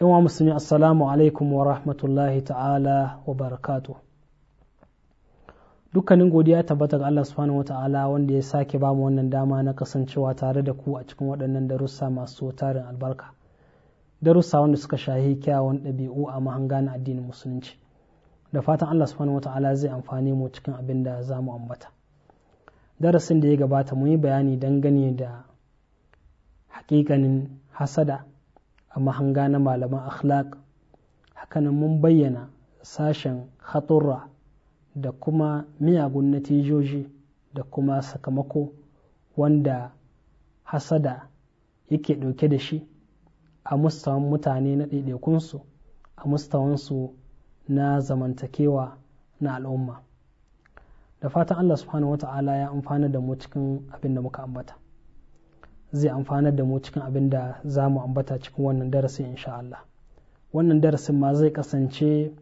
yan wa musulmi assalamu alaikum wa rahmatullahi ta'ala wa barakatu dukkanin godiya tabbata ga Allah subhanahu wata'ala wanda ya sake bamu wannan dama na kasancewa tare da ku a cikin waɗannan darussa masu tarin albarka darussa wanda suka shahi kyawun ɗabi'u a mahanga na addinin musulunci da fatan Allah subhanahu wata'ala zai amfani mu cikin abin da za mu ambata darasin da ya gabata mu yi bayani dangane da hakikanin hasada a mahanga na malaman akhlaq hakanan mun bayyana sashen haturra da kuma miyagun natijoji da kuma sakamako wanda hasada yake ɗauke da shi a mustawan mutane na ɗaiɗaikunsu a mustawansu na zamantakewa na al'umma da fatan allah subhanahu ta'ala ya amfana da mu cikin abin da muka ambata zai amfanar da mu cikin abin da za mu ambata cikin wannan darasin insha Allah wannan darasin ma zai kasance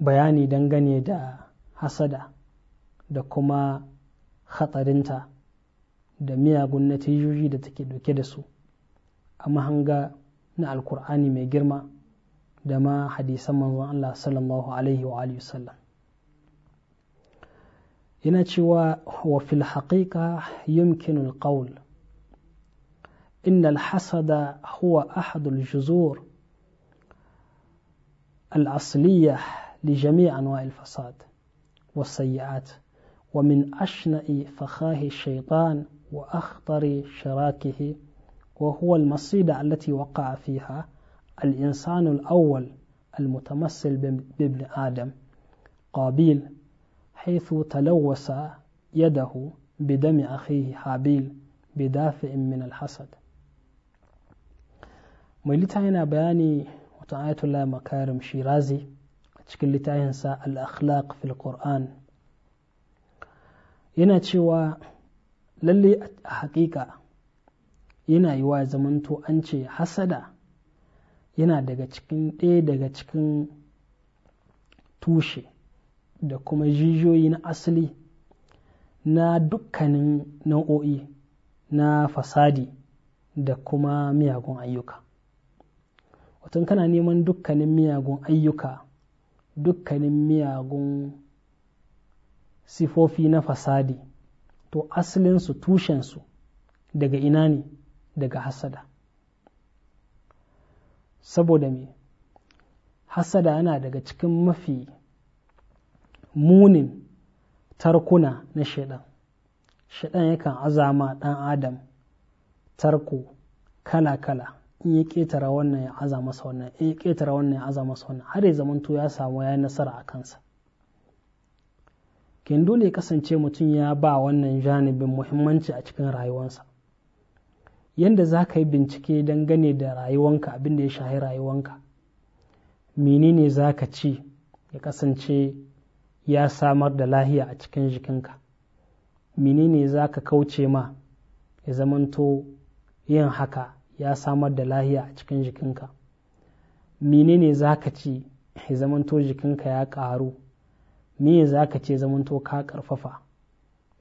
bayani dangane da hasada da kuma hatsarinta da miyagun natijoji da take dauke da su a mahanga na alkur'ani mai girma da ma hadisan manzon Allah sallallahu alaihi wa sallam yana وفي الحقيقة يمكن القول إن الحسد هو أحد الجذور الأصلية لجميع أنواع الفساد والسيئات ومن أشنأ فخاه الشيطان وأخطر شراكه وهو المصيدة التي وقع فيها الإنسان الأول المتمثل بابن آدم قابيل حيث تلوث يده بدم أخيه حابيل بدافع من الحسد mai yana bayani wata ayatollah makarim shirazi a cikin littafinsa al-akhlaq fil qur'an yana cewa lalle a haƙiƙa yana yi wa zamanto an ce hasada yana daga cikin ɗaya daga cikin tushe da kuma jijiyoyi na asali na dukkanin nau'o'i na fasadi da kuma miyagun ayyuka watan kana neman dukkanin miyagun ayyuka dukkanin miyagun sifofi na fasadi to asalinsu tushensu daga ina ne daga hasada saboda me hasada yana daga cikin mafi munin tarkuna na shaidan shaidan yakan azama ɗan adam tarko kala-kala in ya ƙetara wannan ya aza masa wannan in ya ƙetara wannan ya aza masa wannan har ya zamanto ya samu ya nasara a kansa kin dole ya kasance mutum ya ba wannan janibin muhimmanci a cikin rayuwansa yadda za ka yi bincike gane da rayuwanka abin da ya shahi rayuwanka menene za ka ci ya kasance ya samar da lahiya a cikin jikinka menene za ka kauce ma ya zamanto yin haka ya samar da lahiya a cikin jikinka menene za ka ci ya zamanto jikinka ya ƙaru me za ka ce zamanto ka ƙarfafa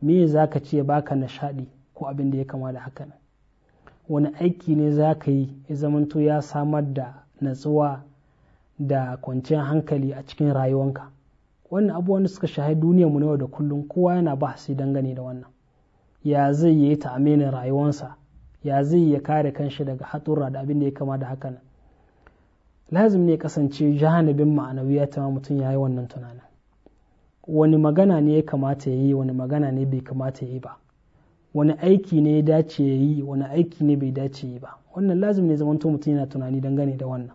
me za ka ce baka nishaɗi ko abin da ya kama da haka wani aiki ne za ka yi ya zamanto ya samar da natsuwa da kwanciyar hankali a cikin rayuwanka wannan abubuwan da suka shahi duniyarmu na yau da kullum kowa yana bahasi dangane da wannan ya zai yi ta amina rayuwansa ya zai ya kare kanshi daga hatsura da abin da ya kama da hakan lazim ne kasance jahanabin ya ta mutum ya yi wannan tunanin wani magana ne ya kamata ya yi wani magana ne bai kamata ya yi ba wani aiki ne ya dace ya yi wani aiki ne bai dace ya yi ba wannan lazim ne zamanto mutum yana tunani dangane da wannan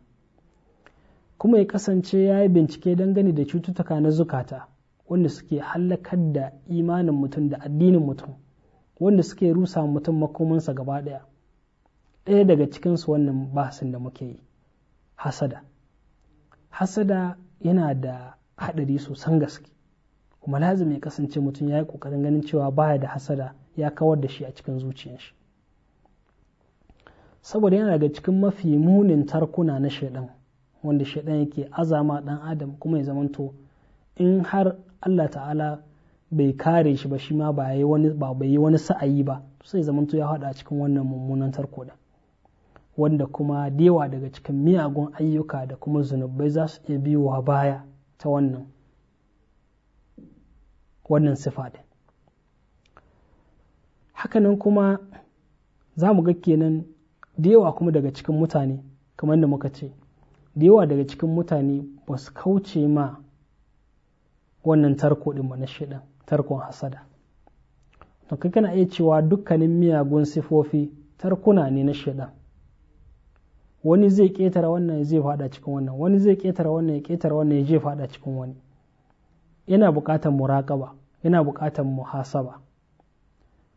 kuma ya kasance ya yi bincike gani da cututtuka na zukata wanda suke hallakar da imanin mutum da addinin mutum wanda suke rusa mutum makomansa gaba ɗaya ɗaya daga cikinsu wannan bahasin da muke yi hasada hasada yana da haɗari sosan gaske kuma lazim ya kasance mutum ya yi ƙoƙarin ganin cewa baya da hasada ya kawar da shi a cikin zuciyar shi saboda yana daga cikin mafi munin tarkuna na shaidan wanda shaidan yake azama dan adam kuma ya zamanto in har Allah ta'ala bai kare shi ba shi ma ba yi wani ba bai yi wani sa'ayi ba sai zamanto ya hada cikin wannan mummunan tarko da wanda kuma dewa daga cikin miyagun ayyuka da kuma zunubai za su iya biyowa baya ta wannan wannan sifa din hakanan kuma za mu ga kenan dewa kuma daga cikin mutane kamar da muka ce da yawa daga cikin mutane ba su kauce ma wannan tarko ɗin ba na shaidan tarkon hasada to kai kana iya cewa dukkanin miyagun sifofi tarkuna ne na shaidan wani zai ƙetare wannan zai faɗa cikin wannan wani zai ƙetare wannan ya ƙetare wannan ya je faɗa cikin wani yana buƙatar muraƙaba yana buƙatar muhasaba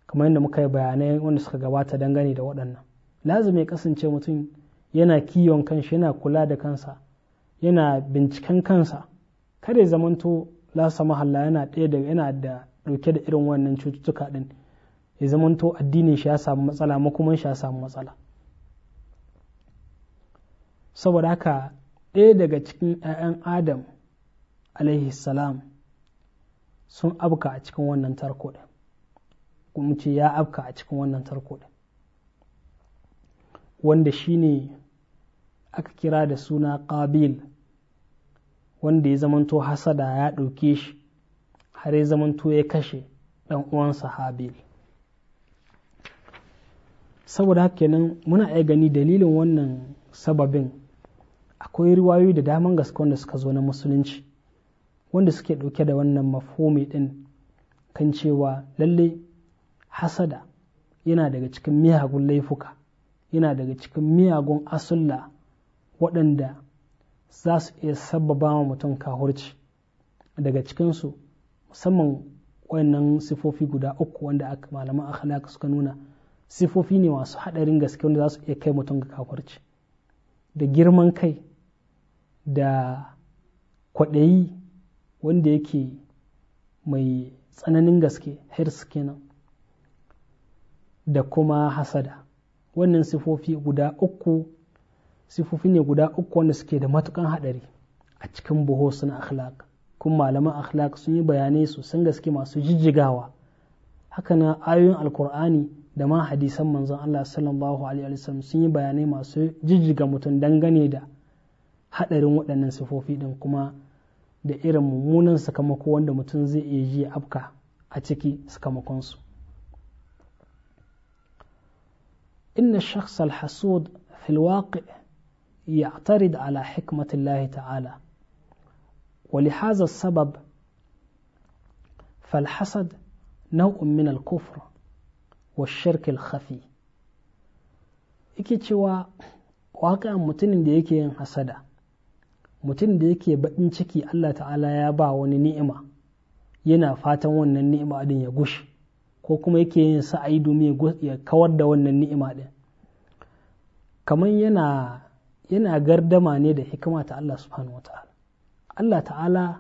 kamar yadda muka yi bayanai wanda suka gabata dangane da waɗannan lazumi ya kasance mutum yana kiyon kanshi yana kula da kansa yana binciken kansa kada ya zamanto lasa mahalla yana ɗaya yana da dauke da irin wannan cututtuka ɗin ya zamanto addinin shi ya samu matsala makuman shi ya samu matsala saboda haka ɗaya daga cikin 'ya'yan adam alaihi salam sun abka a cikin wannan tarko ɗin kuma ce ya abka a cikin wannan tarko ɗin wanda shine aka kira da suna ƙabil wanda ya zamanto hasada ya ɗauke shi har ya zamanto ya kashe ɗan uwansa habil saboda haka kenan muna iya gani dalilin wannan sababin akwai riwayoyi da daman gaske wanda suka zo na musulunci wanda suke ɗauke da wannan mafhomi ɗin kan cewa lalle hasada yana daga cikin miyagun laifuka yana daga cikin miyagun asulla waɗanda za su iya sabbaba wa mutum kahurci daga cikinsu musamman wayannan sifofi guda uku wanda malaman akhlaq suka nuna sifofi ne masu haɗarin gaske wanda za su iya kai mutum ga kahurci da girman kai da kwaɗayi wanda yake mai tsananin gaske hirs kenan da kuma hasada wannan sifofi guda uku sifofi ne guda uku wanda suke da matukan haɗari a cikin buhos na akhlaq kun malaman akhlaq sun yi bayanai sosan gaske masu jijjigawa haka na ayoyin alkur'ani da ma hadisan manzon Allah sallallahu alaihi wasallam sun yi bayanai masu jijjiga mutum dangane da haɗarin waɗannan sifofi din kuma da irin mummunan sakamako wanda mutum zai iya ji afka a ciki sakamakonsu inna shakhs al-hasud fil waqi' يعترض على حكمة الله تعالى ولهذا السبب فالحسد نوع من الكفر والشرك الخفي yake cewa waƙa mutumin da yake yin hasada mutumin da yake baɗin ciki Allah ta'ala ya ba wani ni'ima yana fatan wannan ni'ima ɗin ya gushi ko kuma yake yin sa'ai domin ya kawar da wannan ni'ima ɗin kamar yana yana gardama ne da hikima ta Allah subhanahu wa ta'ala Allah ta'ala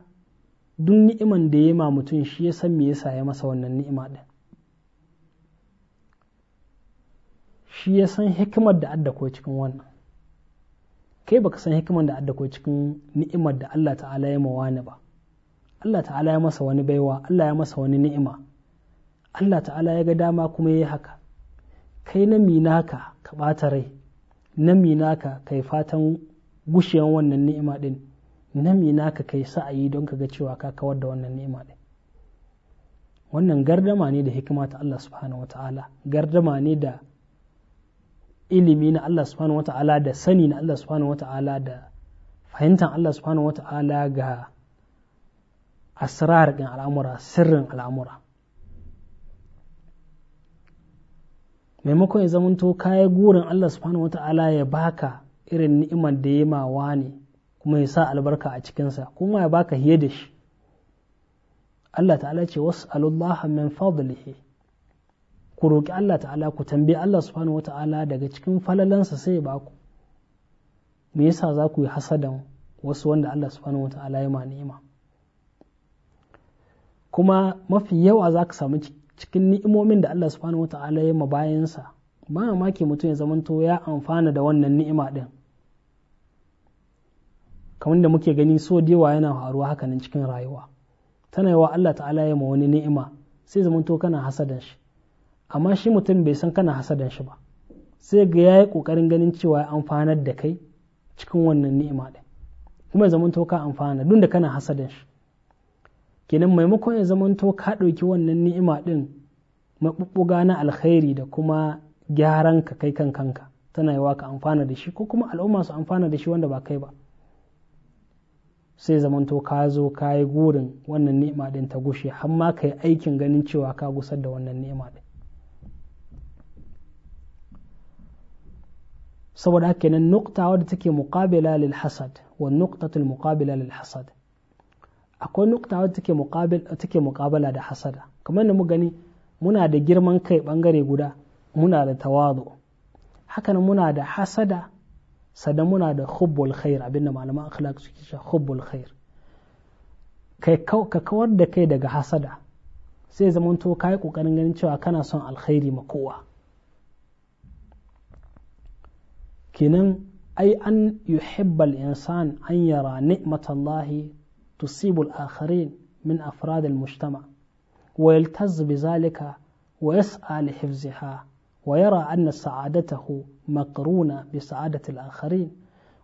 duk ni'iman da ya ma mutum shi ya san me yasa ya masa wannan ni'ima din shi ya san hikimar da adda cikin wannan kai baka san hikimar da adda cikin ni'imar da Allah ta'ala ya ma wani ba Allah ta'ala ya masa wani baiwa Allah ya masa wani ni'ima Allah ta'ala ya ga dama kuma ya yi haka kai na mina ka ka ɓata rai nami naka kai fatan gushewan wannan ni'ima din nami naka kai sa'ayi don ka ga cewa ka kawar da wannan ni'ima din wannan gardama ne da hikima ta Allah subhanahu wata'ala gardama ne da ilimi na Allah subhanahu wata'ala da sani na Allah subhanahu wata'ala da fahimtar Allah subhanahu wata'ala ga asrarin al'amura sirrin al'amura maimakon ya zamanto yi gurin Allah subhanahu ta'ala ya baka irin ni'imar da ya mawa ne kuma ya sa albarka a cikinsa kuma ya baka hiye da shi Allah ta'ala ce wasu was'alullaha min fadlihi ku roƙi Allah ta'ala ku tambayi Allah subhanahu ta'ala daga cikin falalansa sai ya baku me yasa za ku yi hasadan wasu wanda Allah subhanahu ta'ala ya ma ni'ima kuma mafi yawa za ka samu cikin ni'imomin da Allah subhanahu wata'ala ya mabayansa ba mamaki mutum ya zamanto ya amfana da wannan ni'ima din kamar da muke gani so dewa yana faruwa hakanan cikin rayuwa tana yawa Allah ta'ala ya ma wani ni'ima sai zamanto kana hasadan shi amma shi mutum bai san kana hasadan shi ba sai ga yayi kokarin ganin cewa ya amfanar da kai cikin wannan ni'ima din kuma ya zamanto ka amfana duk da kana hasadan shi kenan maimakon ya zamanto ka ɗauki wannan ni'ima ɗin maɓuɓɓuga na alkhairi da kuma gyaran ka kai kan kanka tana yawa ka amfana da shi ko kuma al'umma su amfana da shi wanda ba kai ba sai zamanto ka zo ka yi gurin wannan ni'ima ɗin ta gushe har ma ka yi aikin ganin cewa ka gusar da wannan ni'ima ɗin saboda haka kenan nukta wadda take muqabila lil hasad wa nuktatul muqabila lil hasad akwai nukta wadda take muƙabala take da hasada kamar da mu gani muna da girman kai bangare guda muna da tawadu hakan muna da hasada sada muna da hubbul khair abinda malaman akhlaq suke cewa hubbul khair kai ka kawar da kai daga hasada sai zamanto to kai kokarin ganin cewa kana son alkhairi ma kowa kenan ai an yuhibbal insan an yara ni'matallahi تصيب الآخرين من أفراد المجتمع ويلتز بذلك ويسعى لحفظها ويرى أن سعادته مقرونة بسعادة الآخرين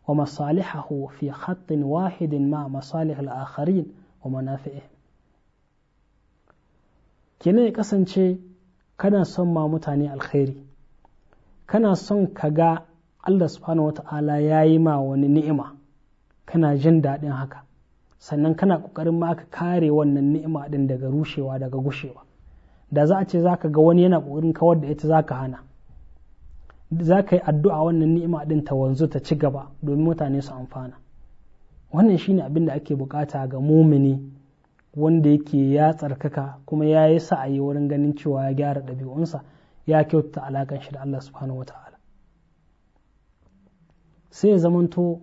ومصالحه في خط واحد مع مصالح الآخرين ومنافعهم kenan ya kasance kana son ma mutane alkhairi kana son ka ga Allah subhanahu wata'ala ya yi ma wani ni'ima kana jin daɗin haka sannan kana ƙoƙarin ma ka kare wannan ni'ima ɗin daga rushewa daga gushewa da za a ce za ka ga wani yana ƙoƙarin kawar da ita za ka hana za ka yi addu'a wannan ni'ima ɗin ta wanzu ta ci gaba domin mutane su amfana wannan shine abin da ake bukata ga mumini wanda yake ya tsarkaka kuma ya yi sa'ayi wurin ganin cewa ya gyara ɗabi'unsa ya kyautata alaƙan shi da Allah subhanahu wa ta'ala sai ya zamanto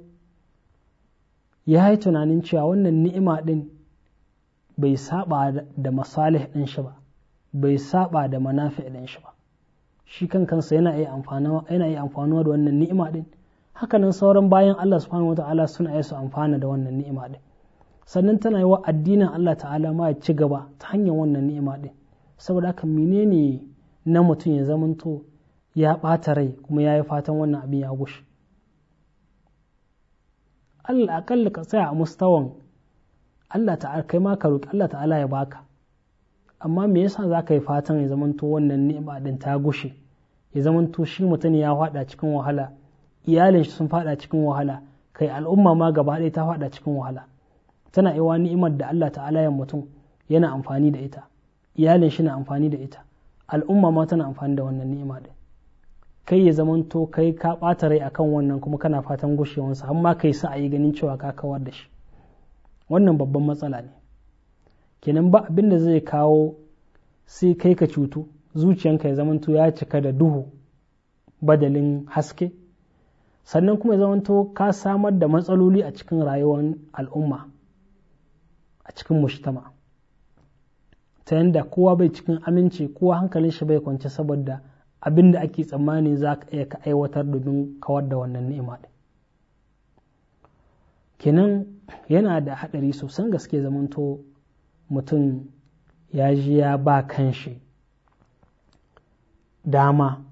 ya yi tunanin cewa wannan ni'ima ɗin bai saba da masalih ɗin shi ba bai saba da manafi ɗin shi ba shi kan kansa yana iya amfanuwa da wannan ni'ima ɗin hakanan sauran bayan Allah subhanahu wa suna yi su amfana da wannan ni'ima ɗin sannan tana yi wa addinin Allah ta'ala ma ya ci gaba ta hanyar wannan ni'ima ɗin saboda haka menene na mutum ya zamanto ya ɓata rai kuma ya yi fatan wannan abin ya gushe Allah akalla ka tsaya a mustawan Allah ta'ala kai ma ka roƙi Allah ta'ala ya baka amma me yasa za ka yi fatan ya zamanto wannan ni'ima din ta gushe ya zamanto shi mutum ya faɗa cikin wahala iyalin shi sun faɗa cikin wahala kai al'umma ma gaba ɗaya ta faɗa cikin wahala tana iwa ni'imar da Allah ta'ala ya mutum yana amfani da ita iyalin shi na amfani da ita al'umma ma tana amfani da wannan ni'ima din kai ya zamanto kai ka ɓata rai akan wannan kuma kana fatan gushewansa kai ma kai yi ganin cewa ka kawar da shi wannan babban matsala ne kenan ba abin da zai kawo sai kai ka cutu zuciyanka ya zamanto ya cika da duhu badalin haske sannan kuma ya zamanto ka samar da matsaloli a cikin rayuwar al'umma a cikin mushtama ta yadda kowa bai cikin aminci kowa hankalin shi bai kwance saboda abin da ake tsammani za ka iya ka aiwatar domin kawar da wannan ni'ima ɗin kenan yana da haɗari sosan gaske zamanto mutum ya ji ya ba kanshi dama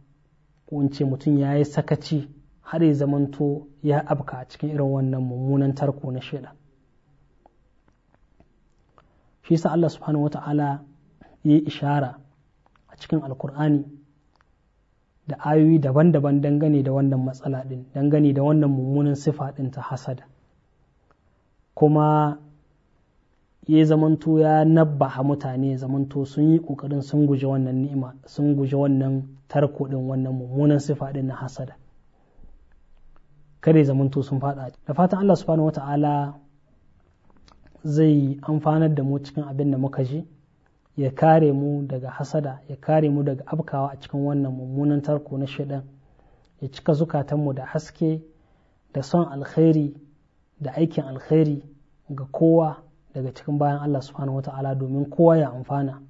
ko ce mutum ya yi sakaci har ya zamanto ya abka a cikin irin wannan mummunan tarko na shida shi sa Allah subhanahu wa ta'ala ya yi ishara a cikin alkur'ani da ayoyi daban-daban dangane da wannan matsala ɗin dangane da wannan mummunan sifa ɗin ta hasada kuma ya zamanto ya nabbaha mutane zamanto sun yi ƙoƙarin sun guje wannan ni'ima sun guje wannan tarko ɗin wannan mummunan sifa ɗin na hasada kare zamanto sun faɗa da fatan Allah subhanahu wata'ala zai amfanar da mu cikin abin da muka je. ya kare mu daga hasada ya kare mu daga afkawa a cikin wannan mummunan tarko na shaidan ya cika zukatanmu da haske da son alkhairi da aikin alkhairi ga kowa daga cikin bayan Allah subhanahu ta'ala domin kowa ya amfana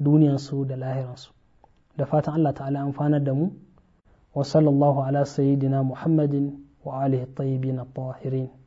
duniyansu da lahiransu da fatan Allah ta'ala amfanar da mu wa sallallahu ala sayyidina muhammadin wa alihi tayyibin at-tahirin